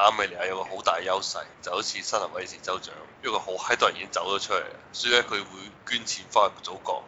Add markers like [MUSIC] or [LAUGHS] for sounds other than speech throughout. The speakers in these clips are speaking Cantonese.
亞美尼亞有個好大嘅優勢，就好似新林威士州長，因為佢好喺度已經走咗出嚟，所以咧佢會捐錢翻去祖國。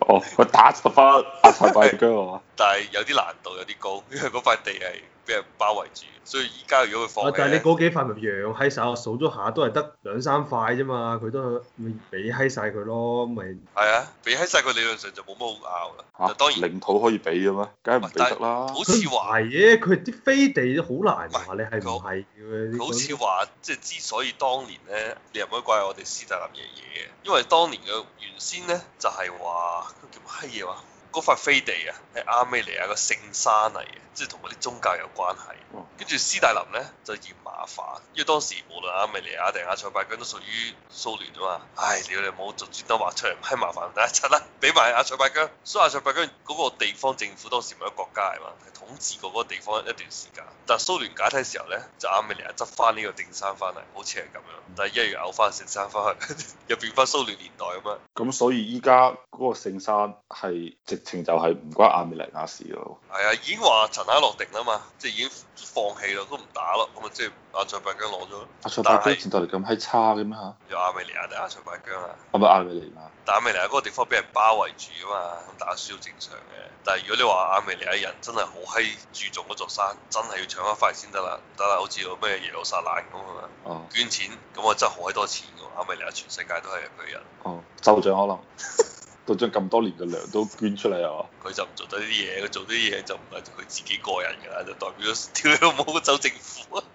[LAUGHS] 哦，我打翻阿陳百強啊嘛！ [LAUGHS] 但係有啲難度，有啲高，因為嗰塊地係，俾人包圍住，所以而家如果佢放棄、啊，但係你嗰幾塊咪羊羹羹，喺手，數咗下都係得兩三塊啫嘛，佢都咪俾喺晒佢咯，咪係啊，俾喺晒佢理論上就冇乜好拗啦。嚇、啊，當然領土可以俾嘅嘛，梗係唔俾得啦。好似話嘢，佢啲飛地都、啊、好難。唔你係唔係好似話，即係之所以當年咧，你又唔可以怪我哋斯大林爺爺嘅，因為當年嘅原先咧就係、是、話，嗰叫咩嘢話？嗰塊飛地啊，係亞美尼亞個聖山嚟嘅，即係同嗰啲宗教有關係、嗯。跟住斯大林咧就嫌麻煩，因為當時無論亞美尼亞定阿塞拜疆都屬於蘇聯啊嘛。唉，屌你冇唔就專登話出嚟，唔係麻煩，第一得啦，俾埋阿塞拜疆。所以阿塞拜疆嗰個地方政府當時一個國家係嘛，係統治過嗰個地方一段時間。但係蘇聯解體時候咧，就亞美尼亞執翻呢個定山聖山翻嚟，好似係咁樣，但係又嘔翻聖山翻去， [LAUGHS] 又變翻蘇聯年代咁樣。咁所以依家嗰個聖山係情就係唔關亞美尼亞事咯，係啊，已經話塵埃落定啦嘛，即係已經放棄咯，都唔打咯，咁啊即係阿塞拜疆攞咗。阿塞拜疆以前代嚟咁閪差嘅咩嚇？有亞美尼亞定阿塞拜疆啊，係咪亞美尼亞？但亞美尼亞嗰個地方俾人包圍住啊嘛，咁打輸都正常嘅。但如果你話亞美尼亞人真係好閪注重嗰座山，真係要搶一塊先得啦，得啦，好似個咩耶路撒冷咁啊，哦、捐錢咁啊真係好閪多錢喎。亞美尼亞全世界都係佢人。哦，州長可能。 [LAUGHS] 都將咁多年嘅糧都捐出嚟啊！佢就唔做得呢啲嘢，佢做啲嘢就唔係佢自己個人㗎啦，就代表屌你冇走政府。啊 [LAUGHS]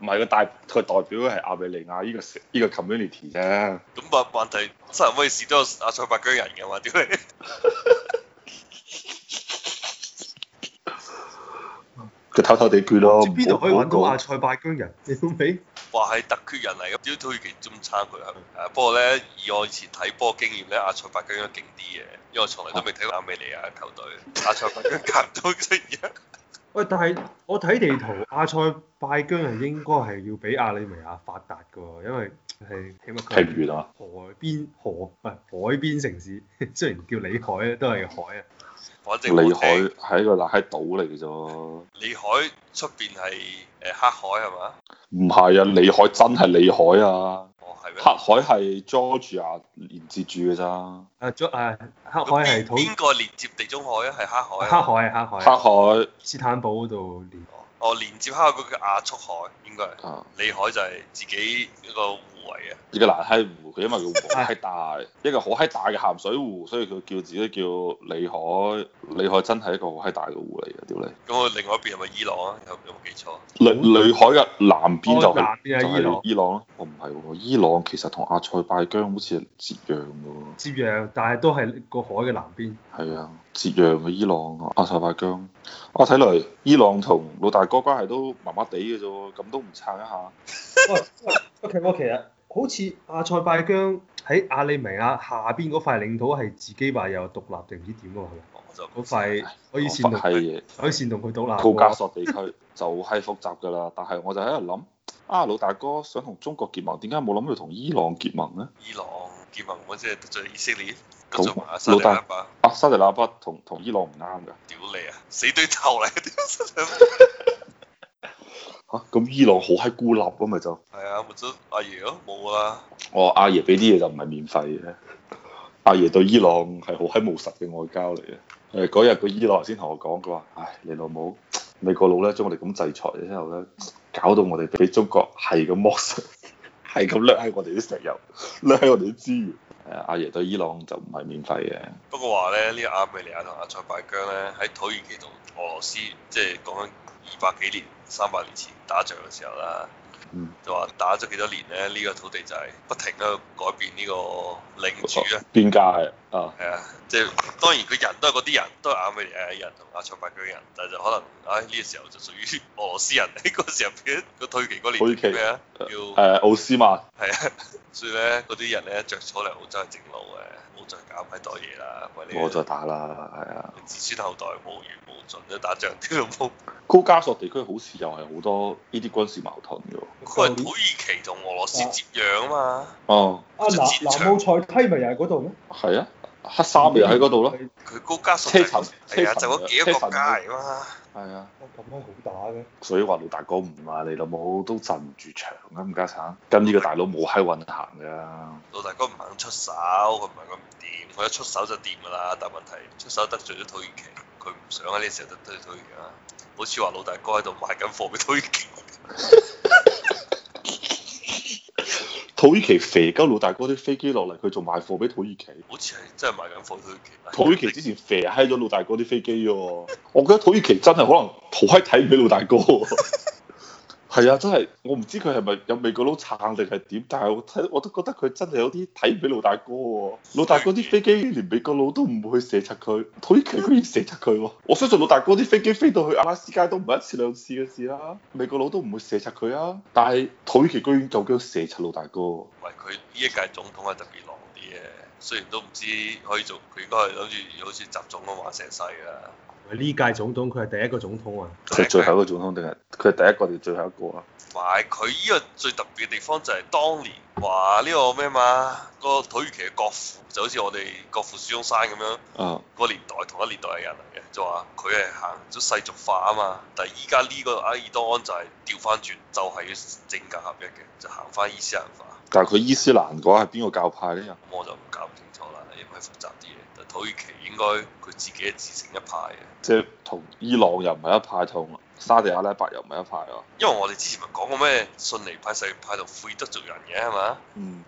唔係，佢代佢代表係亞美尼亞呢、呢個依、呢個 community 啫。咁個問題，任何人可以試到亞塞拜疆人嘅話，屌你！佢 [LAUGHS] [LAUGHS] 偷偷地捐咯。邊度可以揾到阿塞拜疆人？你奉陪。啊話係特區人嚟嘅，只要其中中佢與下。 [MUSIC] 不過咧，以我以前睇波經驗咧，阿塞拜疆都勁啲嘅，因為我從嚟都未睇過阿美利亞球隊。 [LAUGHS] 阿塞拜疆差唔多一樣。喂， [LAUGHS] [LAUGHS] 但係我睇地圖，阿塞拜疆係應該係要比阿美利亞發達嘅，因為係起碼，平原啊。海邊河，唔係海邊城市，雖然叫裏海咧都係海啊。反正裏海係一個垃圾島嚟嘅啫。裏海出邊係誒黑海係嘛？唔係啊，裏海真係裏海啊。哦，係咩？黑海係 Georgia 連接住嘅咋。啊，中啊，黑海系統邊個連接地中海啊？係黑海。黑海係黑海。黑海。黑海斯坦堡嗰度連。哦，連接黑海嗰個亞速海應該係。啊。裏海就係自己一個。呢個南希湖，佢因為個湖係大， [LAUGHS] 一個好閪大嘅鹹水湖，所以佢叫自己叫裏海。裏海真係一個好閪大嘅湖嚟嘅。屌你。咁佢另外一邊係咪伊朗啊？有有冇記錯啊？裏海嘅南邊就係、是啊、就係伊朗咯。哦，唔係喎，伊朗其實同阿塞拜疆好似係接壤嘅喎。接壤，但係都係個海嘅南邊。係啊，接壤嘅伊朗、阿塞拜疆。我睇嚟伊朗同老大哥關係都麻麻地嘅啫喎，咁都唔撐一下。喂，好奇啊！好似阿塞拜疆喺阿里維亞下邊嗰塊領土係自己話有獨立定唔知點喎，嗰塊我以前同可以煽動佢到啦，不高加索地區就係複雜噶啦。但係我就喺度諗，啊，老大哥想同中國結盟，點解冇諗到同伊朗結盟呢？伊朗結盟，我即係得罪以色列，得罪阿沙特納巴。啊，沙特納巴同同伊朗唔啱噶。屌你啊！死對頭嚟。 [LAUGHS] 吓咁、啊、伊朗好閪孤立咁，咪就係啊，阿爺咯，冇啊爺！我阿爺俾啲嘢就唔係免費嘅，阿爺、啊、對伊朗係好閪務實嘅外交嚟嘅。誒、啊，嗰日個伊朗先同我講，佢話，唉，你老母美國佬咧，將我哋咁制裁，之後咧，搞到我哋俾中國係咁剝削，係咁 [LAUGHS] 掠喺我哋啲石油，掠喺我哋啲資源。誒、 [LAUGHS] 啊，阿爺對伊朗就唔係免費嘅。不過話咧，呢個阿美尼亞同阿塞拜疆咧，喺土耳其同俄羅斯即係講緊二百幾年。三百年前打仗嘅時候啦，嗯、就話打咗幾多年咧，呢、呢個土地就係不停都改變呢個領主咧。邊家嘅？啊，係啊，即係當然佢人都係嗰啲人，都係亞美尼亞人同阿塞拜疆人，但係就可能唉呢個時候就屬於俄羅斯人喺嗰時入邊個推旗嗰年，咩啊叫誒奧斯曼係啊，所以咧嗰啲人咧着穿嚟澳洲係正路嘅，冇再搞咁多嘢啦，唔好再打啦，係啊，子孫後代無遠無盡，一打仗屌風高加索地區好似又係好多呢啲軍事矛盾嘅，佢係土耳其同俄羅斯接壤啊嘛，哦，啊南奧塞梯咪又係嗰度咩？係啊。黑衫咪喺嗰度咯，佢、嗯、高加索、就是，車係啊，哎、呀塵就嗰幾個街嚟嘛，係啊塵，咁樣好打嘅，所以話老大哥唔話你老母都鎮唔住場噶，唔加生，跟呢個大佬冇喺運行噶，老大哥唔肯出手，佢唔係咁掂，佢一出手就掂噶啦，但問題出手得罪咗土耳其，佢唔想喺呢時候得罪土耳其。好似話老大哥喺度賣緊貨俾土耳其。 [LAUGHS] 土耳其肥鳩老大哥啲飛機落嚟，佢仲賣貨俾土耳其，好似係真係賣緊貨，土耳其。土耳其之前肥閪咗老大哥啲飛機，我覺得土耳其真係可能好閪睇唔起老大哥。 [LAUGHS] 係啊，真係我唔知佢係咪有美國佬撐定係點，但係我睇我都覺得佢真係有啲睇唔起老大哥喎、啊。老大哥啲飛機連美國佬都唔會去射殺佢，土耳其居然射殺佢、啊。 [LAUGHS] 我相信老大哥啲飛機飛到去阿拉斯加都唔係一次兩次嘅事啦、啊，美國佬都唔會射殺佢啊。但係土耳其居然就咁射殺老大哥。喂，佢呢一屆總統係特別狼啲嘅，雖然都唔知可以做，佢應該係諗住好似習總咁玩成世啦。射射呢屆總統，佢係第一個總統啊！佢係最後一個總統，定係佢係第一個定最後一個啊？唔係，佢依個最特別嘅地方就係當年話呢個咩嘛，個土耳其嘅國父就好似我哋國父孫中山咁樣。嗯。個年代同一年代嘅人嚟嘅，就話佢係行咗世俗化啊嘛。但係依家呢個阿爾多安就係調翻轉，就係政教合一嘅，就行翻伊斯蘭化。但係佢伊斯蘭嘅話係邊個教派咧？咁我就唔搞唔清楚啦，因為複雜啲嘢。土耳其應該佢自己係自成一派嘅，即係同伊朗又唔係一派，同沙地阿拉伯又唔係一派咯。因為我哋之前咪講過咩，遜尼派、什葉派同庫爾德族人嘅係嘛，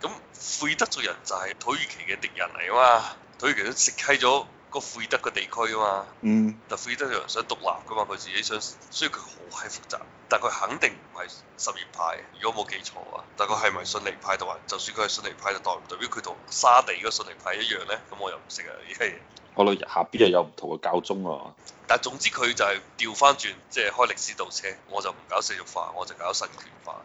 咁庫、嗯、德族人就係土耳其嘅敵人嚟啊嘛，土耳其都食閪咗個庫爾德嘅地區啊嘛，嗯、但庫爾德族人想獨立噶嘛，佢自己想，所以佢好閪複雜。但佢肯定唔係什葉派，如果冇記錯啊。但佢係咪遜尼派度啊？就算佢係遜尼派，就代唔代表佢同沙地嘅遜尼派一樣咧？咁我又唔識啊呢家嘢。下邊又有唔同嘅教宗啊。但總之佢就係調翻轉，即係開歷史倒車。我就唔搞世俗化，我就搞神權化。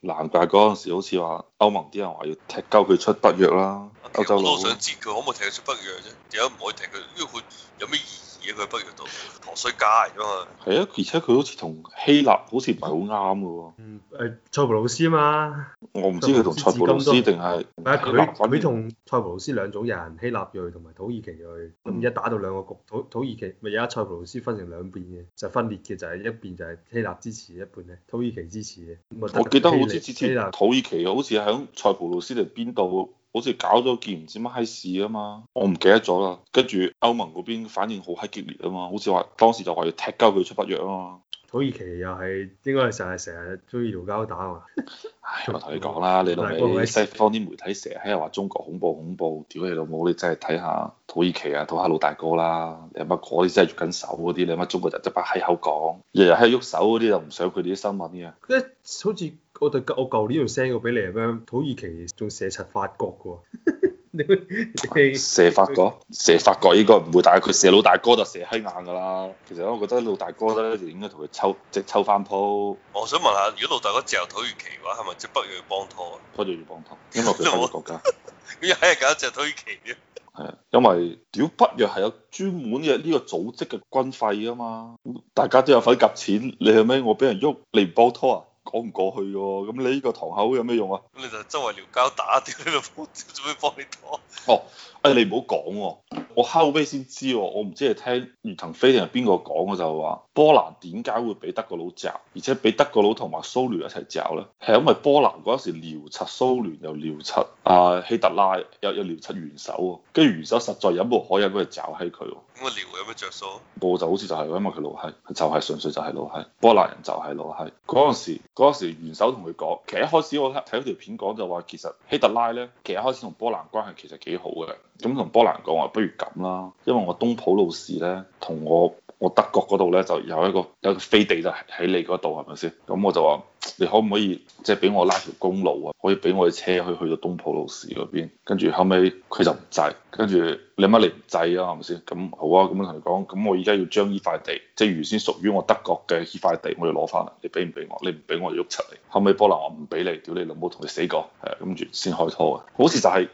難怪嗰陣時好似話歐盟啲人話要踢鳩佢出北約啦。Okay, 歐洲佬都想截佢，可唔可以踢佢出北約啫？點解唔可以踢佢，因為佢有咩意義？佢不如都陀衰家啫嘛。係啊，而且佢好似同希臘好似唔係好啱嘅喎。嗯，誒塞浦路斯嘛。我唔知佢同塞浦路斯定係。唔係佢，佢同塞浦路斯兩種人，希臘裔同埋土耳其裔，咁而家打到兩個局。土土耳其，咪而家塞浦路斯分成兩邊嘅，就分裂嘅就係一邊就係希臘支持，一邊咧土耳其支持嘅。我記得好知支持土耳其好似喺塞浦路斯定邊度？好似搞咗件唔知乜閪事啊嘛，我唔記得咗啦。跟住歐盟嗰邊反應好閪激烈啊嘛，好似話當時就話要踢鳩佢出北約啊嘛。土耳其又係應該係成日成日鍾意交打啊嘛。 [LAUGHS] 唉，我同你講啦，你老味西方啲媒體成日喺度話中國恐怖恐怖，屌你老母你真係睇下土耳其啊，土耳其、啊土耳其，啊土耳其啊、老大哥啦、啊，你乜嗰啲真係喐緊手嗰啲，你乜中國人一把喺口講，日日喺度喐手嗰啲就唔想佢哋啲新聞嘅、啊。即 [LAUGHS] 好似。我對我舊年仲 send 過俾你啊，咩土耳其仲射柒法國嘅喎， [LAUGHS] 你射法國，射法國應該唔會，但係佢射老大哥就射閪眼嘅啦。其實我覺得老大哥咧就應該同佢抽，即係抽返鋪。我想問下，如果老大哥射土耳其嘅話，係咪即係不是北約要幫拖啊？北約要幫拖，因為佢三個國家，咁又係搞隻土耳其嘅。係啊，因為屌北約係有專門嘅呢個組織嘅軍費啊嘛，大家都有份夾錢，你係咪？我俾人喐，你唔幫拖啊？講唔過去嘅，咁你呢個堂口有咩用啊？咁你就周圍撩交打啲，做咩幫你拖？哦、喔，哎你唔好講，我後尾先知，我唔知係聽袁騰飛定係邊個講，就係、是、話波蘭點解會俾德國佬嚼，而且俾德國佬同埋蘇聯一齊嚼咧，係因為波蘭嗰時撩七蘇聯又撩七啊希特拉又又撩七元首，跟住元首實在忍無可忍，佢就抓喺佢。咁我撩有咩着數？冇就好似就係、是，因為佢老係，就係、是、純粹就係老係，波蘭人就係老係，嗰陣時。嗰時元首同佢講，其實一開始我睇咗嗰條片講就話，其實希特拉呢，其實一開始同波蘭關係其實幾好嘅，咁同波蘭講話不如咁啦，因為我東普魯士呢，同我。我德國嗰度咧就有一個有一個飛地就喺你嗰度係咪先？咁我就話你可唔可以即係俾我拉條公路啊？可以俾我嘅車可以去到東普魯士嗰邊。跟住後尾，佢就唔制，跟住你乜？你唔制啊係咪先？咁好啊，咁樣同你講，咁我而家要將呢塊地，即係原先屬於我德國嘅呢塊地，我要攞翻嚟。你俾唔俾我？你唔俾我，就喐出嚟。後尾波蘭我唔俾你，屌你老母，同你死過係啊，跟住先開拖啊，好似就係。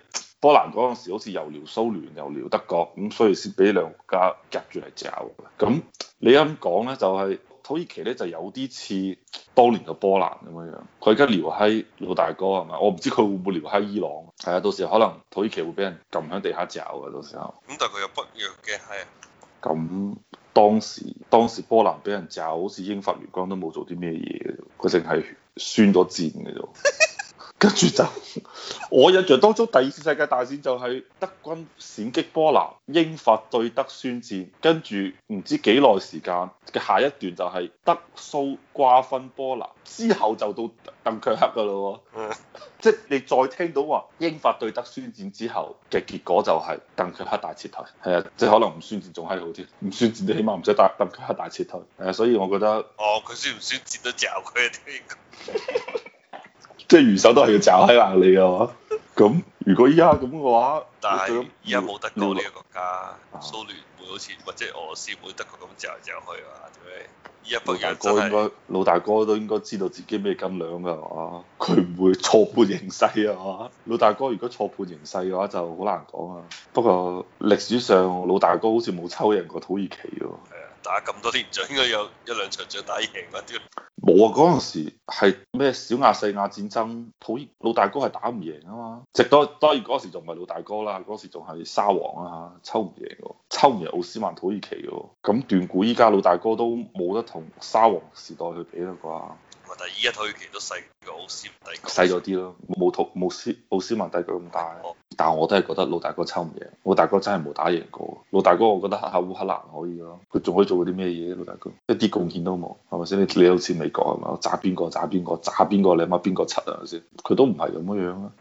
波蘭嗰陣時好似又撩蘇聯又撩德國，咁所以先俾兩個國家夾住嚟嚼。咁你啱講呢，就係土耳其呢就有啲似當年嘅波蘭咁樣樣，佢而家撩閪老大哥係咪？我唔知佢會唔會撩閪伊朗。係啊，到時候可能土耳其會俾人撳喺地下嚼啊！到時候。咁但係佢又北約嘅，係。咁當時當時波蘭俾人嚼，好似英法聯軍都冇做啲咩嘢，佢淨係宣咗戰嘅啫。跟住就， [LAUGHS] 我印象當中第二次世界大戰就係德軍閃擊波蘭，英法對德宣戰，跟住唔知幾耐時間嘅下一段就係德蘇瓜分波蘭，之後就到鄧卻克噶咯，嗯， [LAUGHS] 即係你再聽到話英法對德宣戰之後嘅結果就係鄧卻克大撤退，係啊，即係可能唔宣戰仲係好啲，唔宣戰你起碼唔使打鄧卻克大撤退，係啊，所以我覺得， [LAUGHS] 哦，佢宣唔宣戰都嚼佢。 [LAUGHS] 即係余手都係要爪喺硬你啊嘛！咁如果依家咁嘅話，但係依家冇德國呢個國家，蘇聯會好似或者俄羅斯冇德國咁嚼嚟嚼去啊！依一份人真係老大哥應該老大哥都應該知道自己咩斤兩噶，佢唔會錯判形勢啊嘛！老大哥如果錯判形勢嘅話就好難講啊。不過歷史上老大哥好似冇抽贏過土耳其喎、啊，打咁多年仗應該有一兩場仗打贏啲。冇啊！嗰陣、那個、時係咩小亞細亞戰爭，土耳其老大哥係打唔贏啊嘛。直到當然嗰時仲唔係老大哥啦，嗰時仲係沙皇啊嚇，抽唔贏喎，抽唔贏奧斯曼土耳其喎。咁斷估依家老大哥都冇得同沙皇時代去比啦啩。但係依家土耳其都細過奧斯曼帝國。細咗啲咯，冇土冇斯奧斯曼帝國咁大。哦。.但我都係覺得老大哥抽唔贏，老大哥真係冇打贏過。老大哥我覺得下下烏克蘭可以咯，佢仲可以做啲咩嘢咧？老大哥一啲貢獻都冇，係咪先？你你好似美國係嘛？我炸邊個炸邊個，炸邊個，炸哪個你阿媽邊個柒係咪先？佢都唔係咁嘅樣。